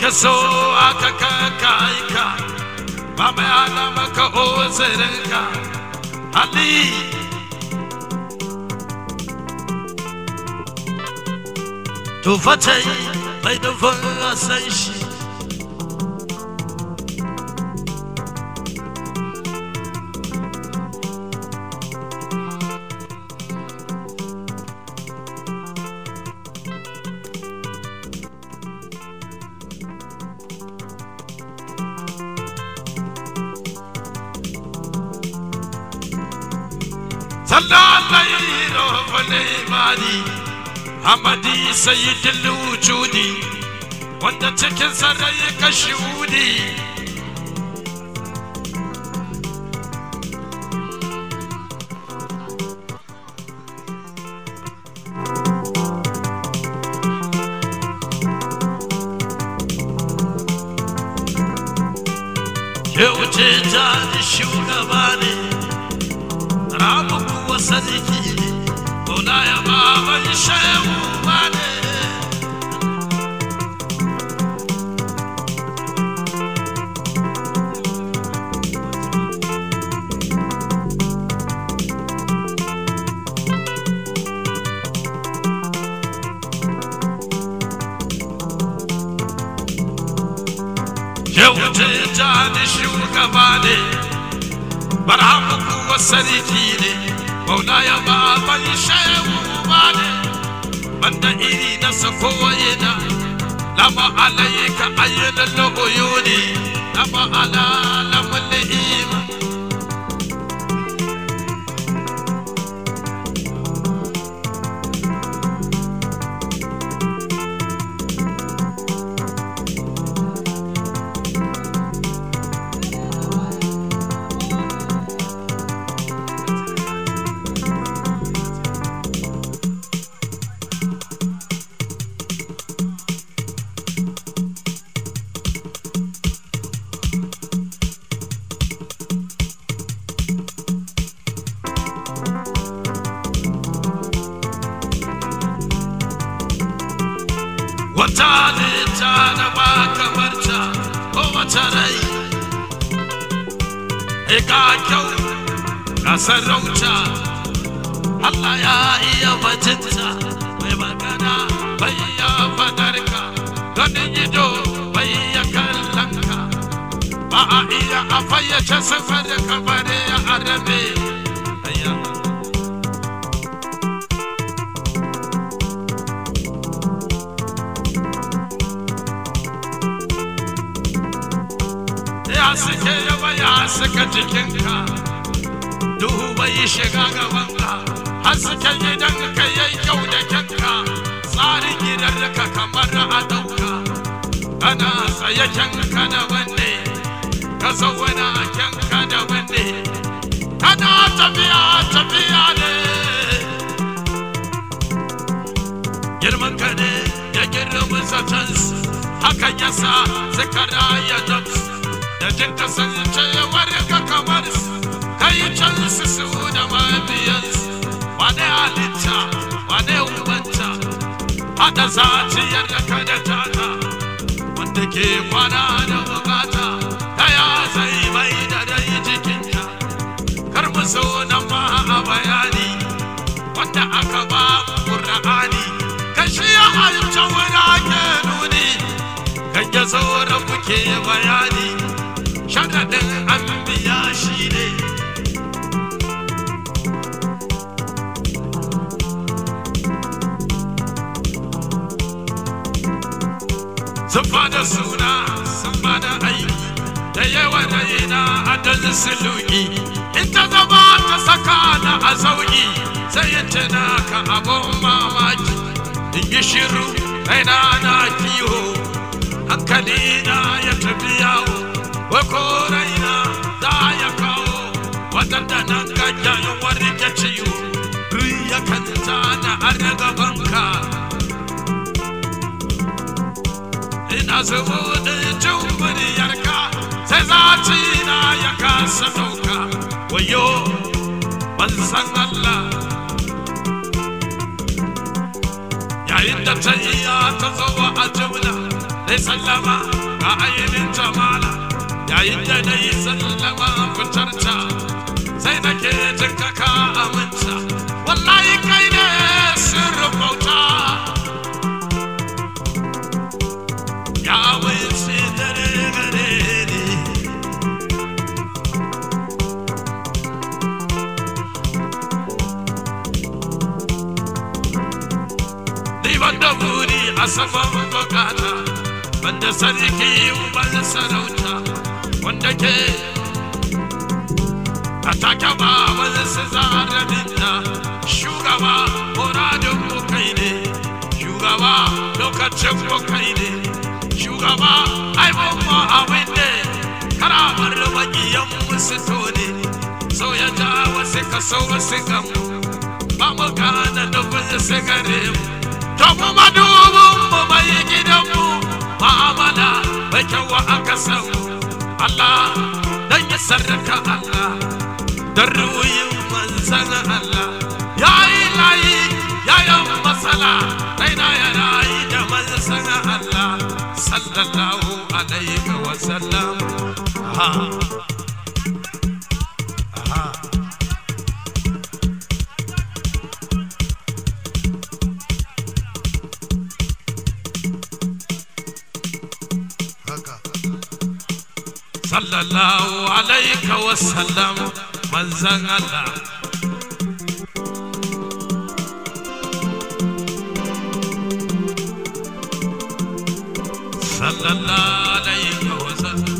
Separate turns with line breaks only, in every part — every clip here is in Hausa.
ka so aka ka ka aika ba mai hana maka ozirinka ali to fata mai da fara san shi amadi sayyidul wujudi wanda cikin sarai kashi wudi Yau ce ta shugaba ne, rabu kuwa sadiki sarki ne mauna ya ba ban sha banda iri na sako wa'ina lama alaika ayyana na uyuni lama ala watane tana wakabarta ko wata rai e ka kyau ka sarauta Allah ya iya bajinta mai magana bai ya fadarka ganin ido bai ya kallonka ba a iya a fayyace safar kabare a arabe ya suke yaba ya suka jikinka duhu bai shiga gabanka haske gidan ka yi kyau da kyanka tsarin gidan ka kamar a dauka ana tsaye kyanka da wanne ka zauna a kyanka da wanne kana tafiya tafiya ne girman ka ne ya girma sa haka yasa zikara ya dabsu da kinta sanyace ya warga kamar ta yi can su da mabiyansu wane halitta wane umarta hada zaciyar da kada tata wanda ke kwana da bukata ta ya zai mai da dai jikinta kar mu so nan ma a bayani wanda aka ba ƙur'ani kashi ya halitta wani ake nuni kan ya sauran muke bayani kadadin anbiya
shi ne sun
da suna sun da aiki da yawa da a adalin suluki in ta zama ta saka na a zauki sai in tuna ka abun mamaki in yi shiru raina na kiwo hankali na ya tafi yawo bakoraina za ya kawo waɗanda nan ganya yunwar rike banka. Ina zuwo da jin muryarka sai zaci na ya kasa ɗauka. Wayo ban san Allah yayin da ta ta zo a jimla, dai sallama ga ainihin jamala. yayin da na yi sallama fitarta sai nake jin kaka aminta wallahi kai ne sirrin bauta ya amince dare gare ni
ni ban da buri a saman bukata
ban da sarki ban sarauta wanda ke a take ba wani su zaradin na shugaba muradin mu kai ne shugaba lokacin mu kai ne shugaba aibon mu abin ne karamar magiyan musu tone sauya da wasu kaso wasu gamu ba mu gane zai su gare mu to kuma dubin mu mai gidanmu ma'amala mai kyau a kasanmu Allah dan ya sarraka Allah dan ruwayin manzan Allah ya yi layi ya yi masala raina ya rayu da manzan Allah sallallahu alaihi wasallam ha الله عليك وسلم من زن الله صلى الله عليك وسلم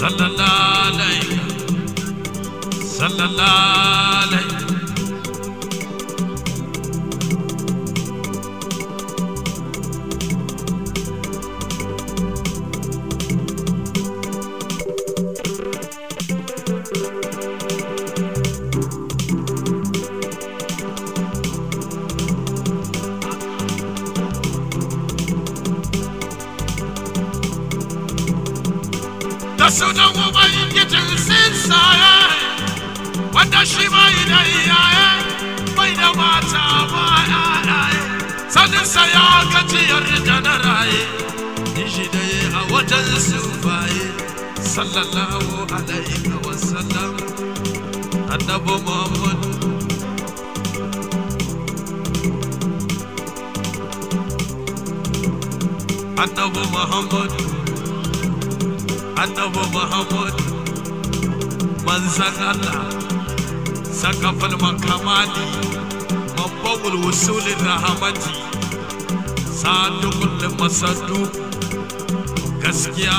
صلى الله عليك صلى الله zuciyar da raye a wajen sufaye sallallahu alaihi annabi muhammad annabi muhammad sakafal makamali mabawul rahamati sadukul Masadu gaskiya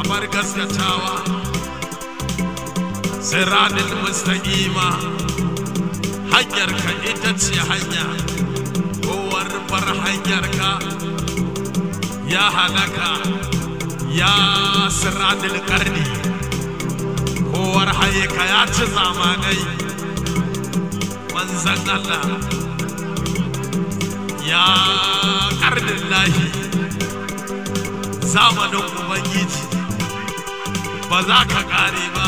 amar gaskiya gaskatawa siradil mustaqima hanyar ka ita ce hanya kowar bar hanyar ka ya halaka ya siradil karni kowar ka ya ci zamanai manzan Allah ya karnin lahi zamanin ubangiji ba za ka kare ba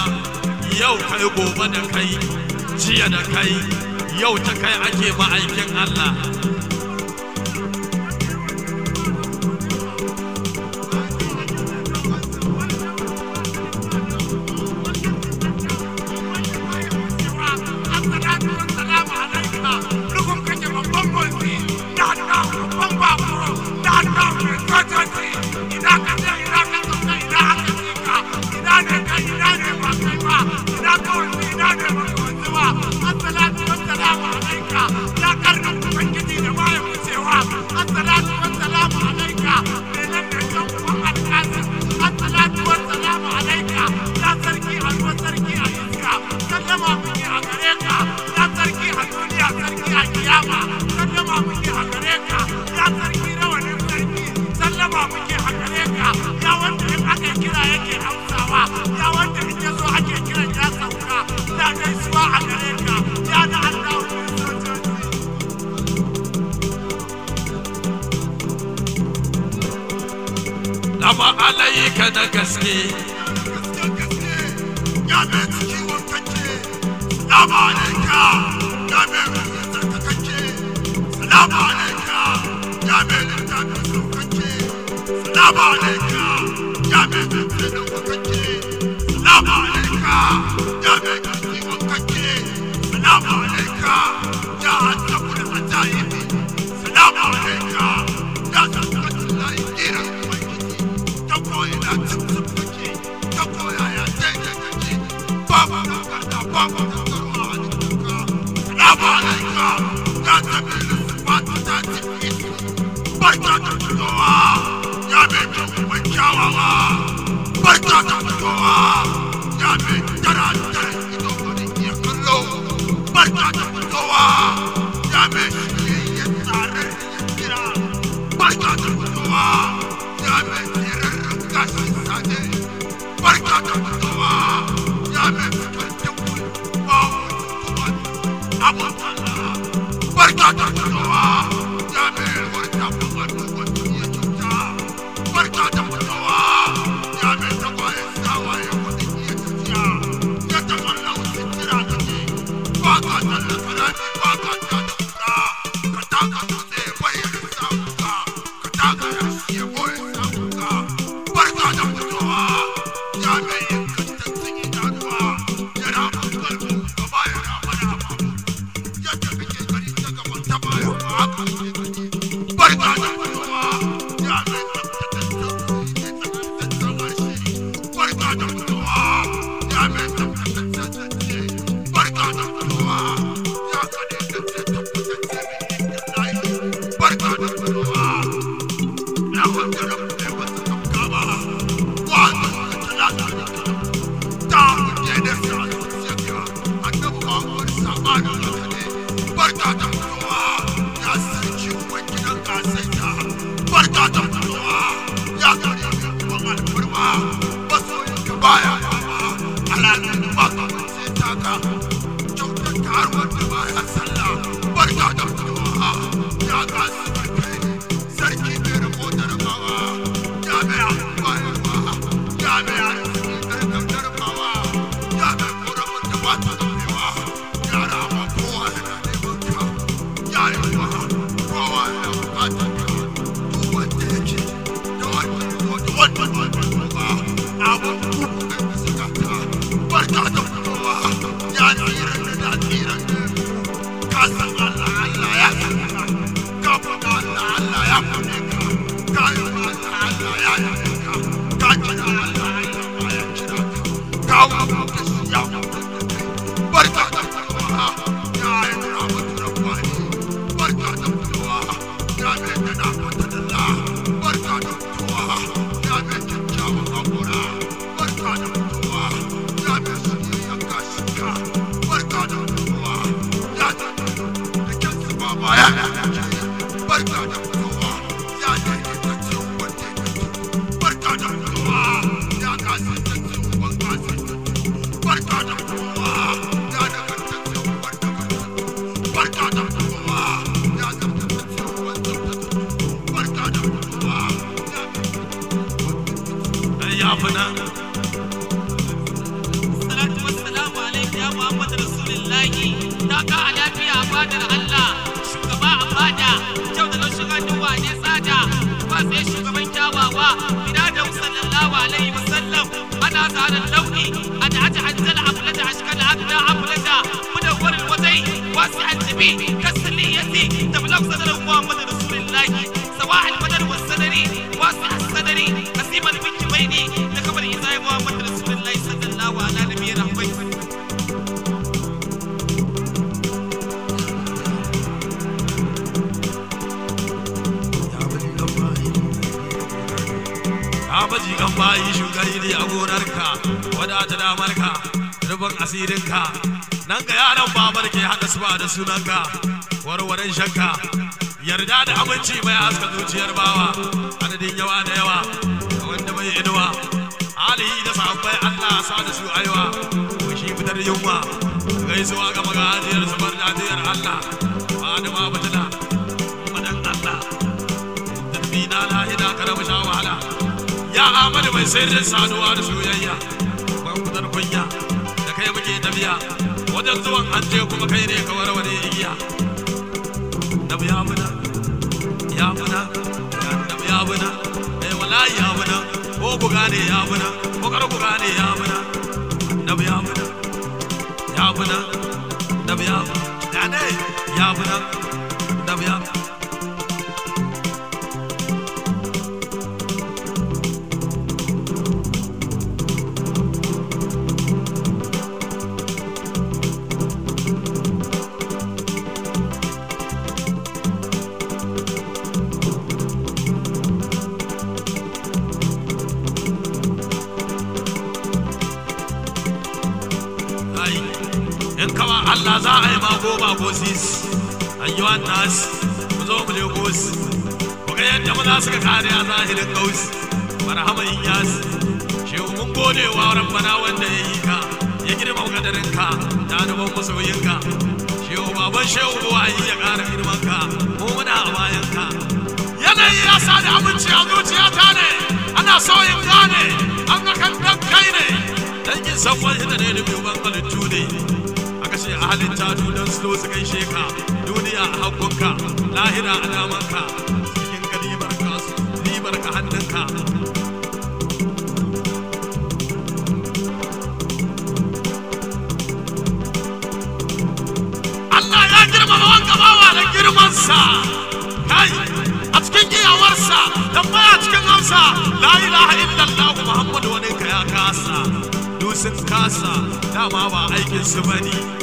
yau kai gobe da kai jiya da kai yau ta kai ake ma'aikin
allah yake hausawa ya wanda in ya zo ake kiran ya sauka na gaisuwa a gare ka ya da allahu
Lama alayyika na gaske. Ya mai cikin wankake, lama alayyika
ya mai rikin tsarkakake, lama alayyika ya mai rikin tsarkakake, lama alayyika. Africa. What? عليه وسلم أنا أزعل اللوئي أن أجعل تلعب لدى أشكال
أبدا عبلدا منور الوزي واسع الجبين كسر bayi shukar iri a gonarka wadata damarka rufin asirinka nan ga yaran babar ke haɗa su ba da sunanka warwaren shanka yarda da abinci mai aska zuciyar bawa adadin yawa da yawa wanda bai inuwa alihi da sahabbai allah sa da su aiwa ko shi fitar yunwa gaisuwa ga magajiyar zubar dajiyar allah ma batila madan allah dabbi na lahida karama sha wahala ya amadu mai sayar da saduwa da soyayya ku kudar kunya da kai muke tafiya wajen zuwan hanje kuma kai ne ka warware igiya nabu ya muna ya muna nabu ya muna eh wallahi ya muna ko ku gane ya muna ko kar ku gane ya muna nabu ya muna ya muna nabu ya muna ya ne ya muna nabu ya muna koma kosis an yi wannan mu zo mu lekos ga yadda su suka kare a zahirin kaus marhama inyas shehu mun gode wa rabbana wanda ya yi ka ya girma kadarinka da nuban masoyinka shehu baban shehu buwayi ya kara girmanka mu muna a ka yanayi ya sa da aminci a zuciyata ne ana so in gane an ga kan kai ne dangin san wani da ne da biyu ban halittu ahalin tatu don su su gaishe ka duniya a hakunka lahira a damanka cikin kalimar kasu ribar ka hannunka
Allah ya girmama wanka bawa da girmansa
kai a cikin iyawarsa baya cikin amsa la ilaha illallah muhammadu wani ka ya kasa dusin kasa dama ba aikin su bane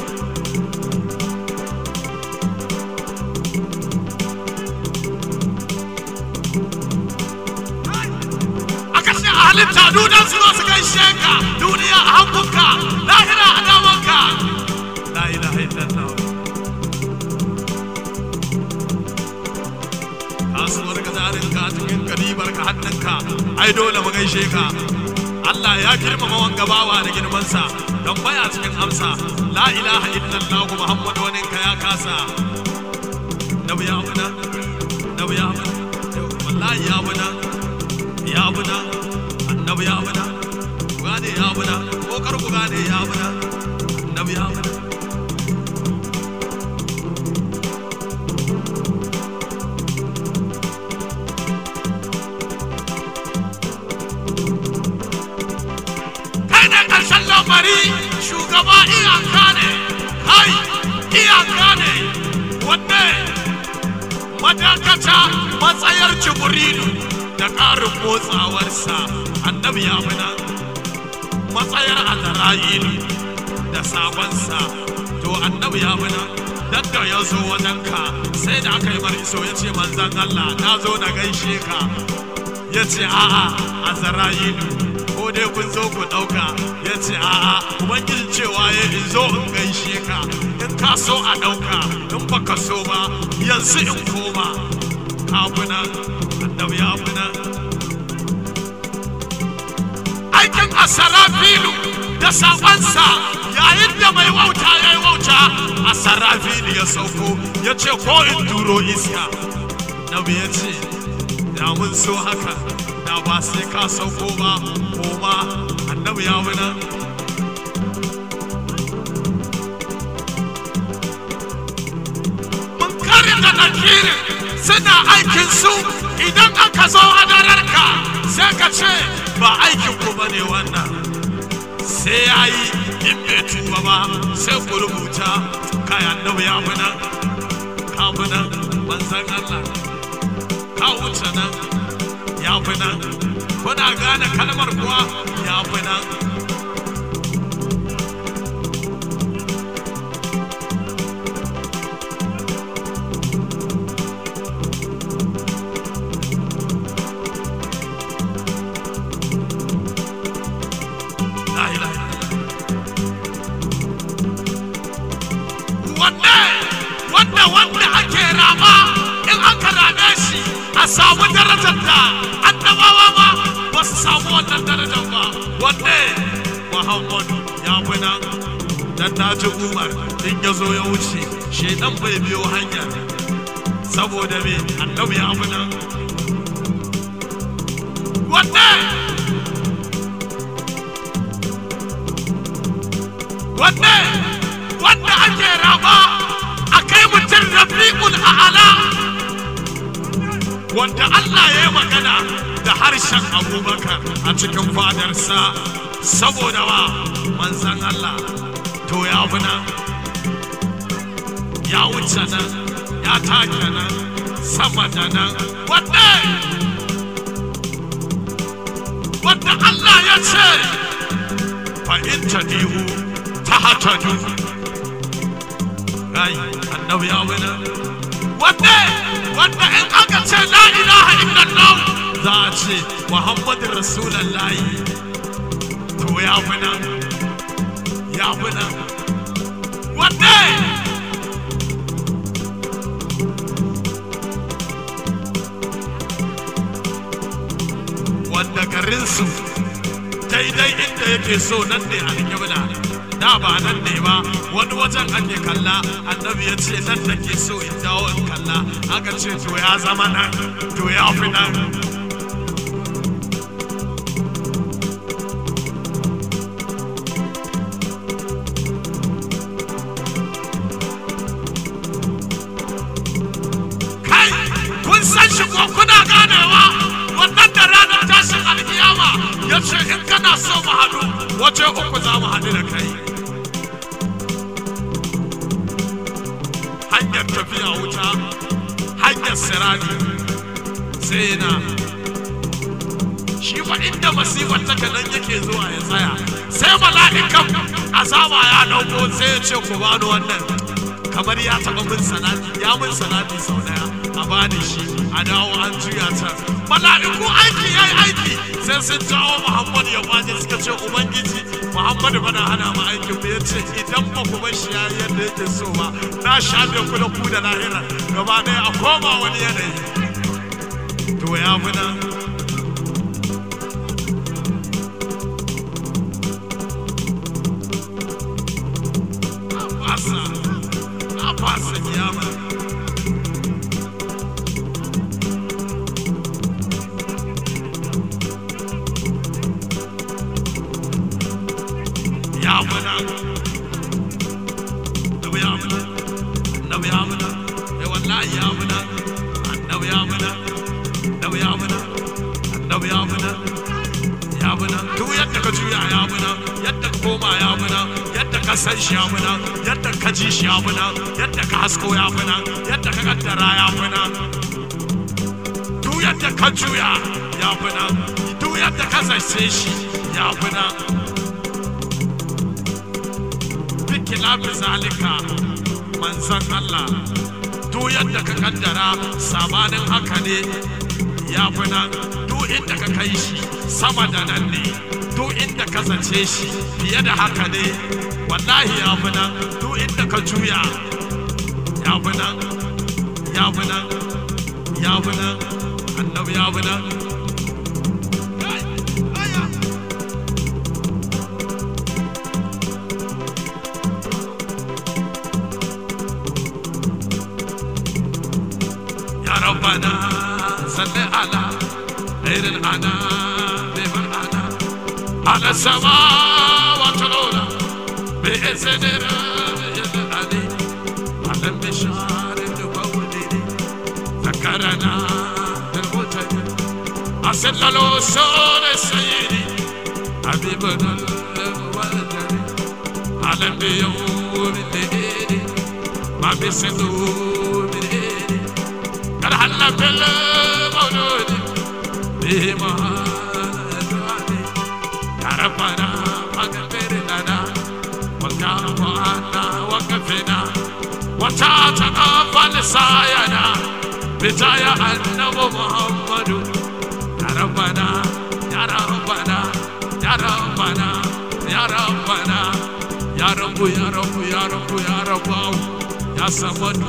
shaidu don su gaishe ka duniya a hankunka lahira a damanka
kasuwar ka tarin ka cikin hannunka ai dole mu gaishe ka Allah ya girmama wanga bawa da girmansa don baya cikin amsa la ilaha illallah muhammadu wani ka ya kasa abuna abuna wallahi ya abuna ya abuna nabu ya bada ku gane ya bada ko kar gane ya bada nabu ya bada
kada karshen lamari shugaba
iyaka ne hai iyaka ne wanne madakata matsayar jibrilu da ƙarin motsawarsa adam ya matsayar azra'ilu da sabonsa to annabi ya mana dadda ya zo wajen ka sai da aka yi mar iso ya ce manzan Allah na zo na gaishe ka ya ce a'a azra'ilu ko dai kun zo ku ɗauka ya ce a'a ubangiji cewa ya in zo in gaishe ka in ka so a ɗauka in baka so ba yanzu in koma kafunan annabi ya aikin filu da sabansa yayin da mai wauta ya yi wauta asarafilu ya sauko ya ce ko in turo iska na biya ce da mun so haka da ba sai ka sauko ba ko annabi ya wuna suna aikin su idan aka zo hadararka sai ka ce ba aikin ku bane wannan sai ya yi in bai ba sai ku rubuta kaya annabi ya fi ka fi nan manzan Allah ka wuce nan ya fi nan kuna gane kalmar kuwa ya fi nan darajar da annabawa ma ba su samu wannan darajar ba wanne muhammadu ya fi nan dan na ji umar in ya zo ya wuce shaidan bai biyo hanya saboda me annabi ya fi wanne wanne wanda ake raba a kai mutum rafiqul a'ala wanda Allah ya yi magana da harshen abubakar a cikin fadarsa saboda wa manzan Allah to ya fi ya wuce nan ya take nan sama da nan wadda
wadda Allah ya ce
ta dihu ta hatadu rai annabi ya wuna, wadda wanda in aka ce la ilaha illallah za a ce muhammadu rasulallahi to ya fi nan ya fi nan wanda wanda garinsu daidai inda yake so nan ne alƙibla da ba nan ne ba wani wajen ake kalla annabi ya ce nan da ke so in dawo kaza aka ya zama nan to ya fi kai
kun san shi ko kuna ganewa wannan da ranar tashin alkiyama
ya ce in kana so mu haɗu wace uku za mu haɗu da kai hanyar tafiya wuta hanyar sirani sai na shi fa inda masifar taka nan yake zuwa ya tsaya sai mala'ikan azaba ya dauko sai ya ce ku bani wannan kamar ya taba min sanadi ya min sau daya a bani shi a dawo an juya ta mala'iku aiki yayi aiki sai sun jawo muhammad ya bani suka ce ubangiji muhammadu bana hana mu aikin mu yace idan ba ku bar shi yadda yake so ba na shafe ku da ku da lahira gaba ɗaya a koma wani yanayi to ya muna kan shi muna yadda ka ji shi muna yadda ka hasko ya muna yadda ka kaddara ya muna du yadda ka juya ya muna du yadda ka zace shi ya muna biki labin zalika manzan Allah du yadda ka kaddara sabanin haka ne ya muna du inda ka kai shi sama da nan ne duk inda ka zace shi fiye da haka ne wallahi ya fi nan duk inda ka juya ya fi nan ya fi nan ya fi nan annabi ya fi nan يا ربنا صل على غير الأنام على السماء وطلونا بإذن ربي العلي على المشعر المولدي ذكرنا بالمتدين أصل الوصول السيدي حبيبنا المولدي على اليوم الليلي ما بيسدوه من إيدي قد حل بالمولود بما wata kafan sayana bita ya annabi muhammadu ya rabbana ya rabbana ya rabbana ya rabbana ya rabbu ya rabbu ya rabbu ya rabbu ya samadu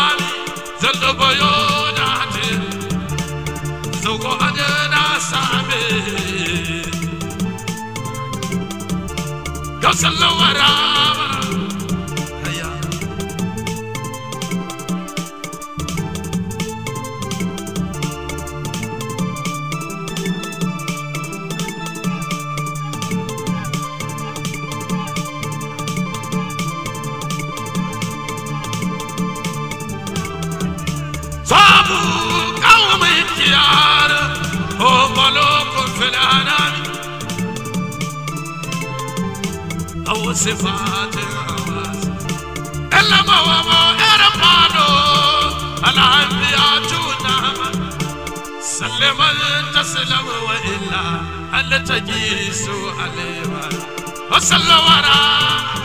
சொல்ல வரா
صفات العباس
إلا هو إرمانه
الأنبياء نعم سلم تسلم وإلا هل تجيس عليهم وصلى وراء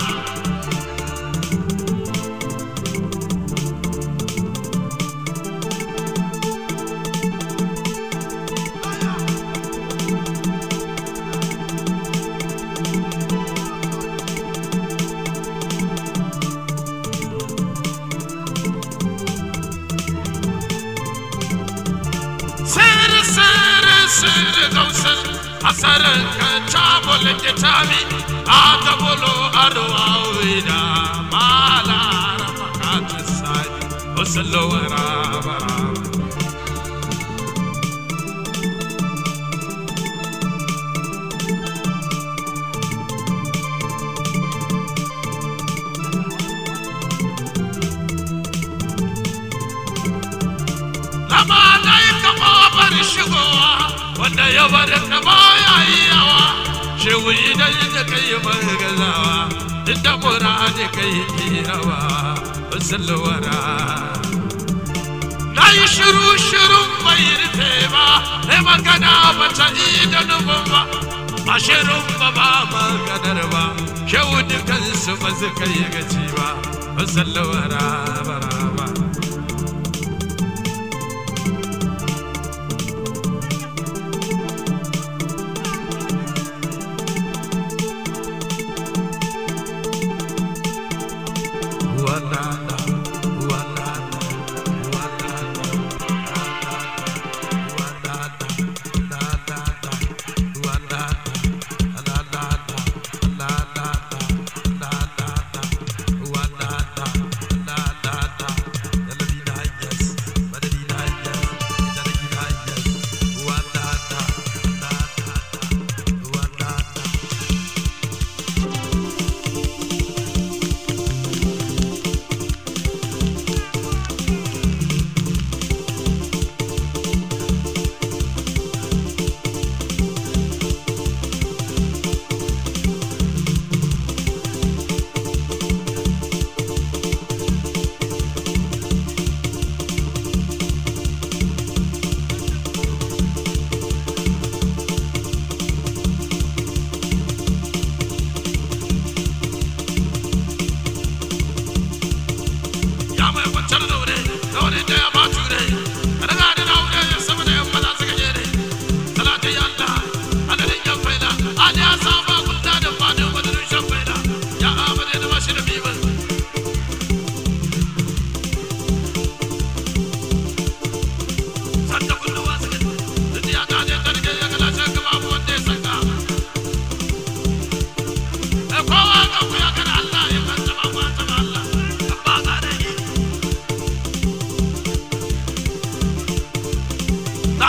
kasar cabol kitami a tabolo arwa wida malara makatun sani wasu lowara
bara da ya bar ka baya yawa
shehu idan da kai bar gazawa inda muradi kai kirawa salwara na yi shiru bai rufe ba ai magana ba ta idanun ba a shirin ba ba maganar ba shehu dukansu ba su kai gaci ba salwara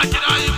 Knock it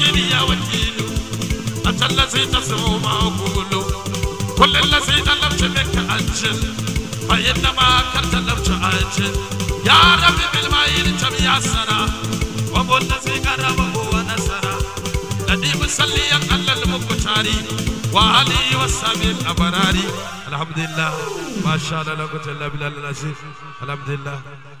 kini ya wajilu Atalla zita suma ukulu Kulli Ya Rabbi bil ma'il jam nasara Nadi musalli ya kalla al-mukuchari abarari
Alhamdulillah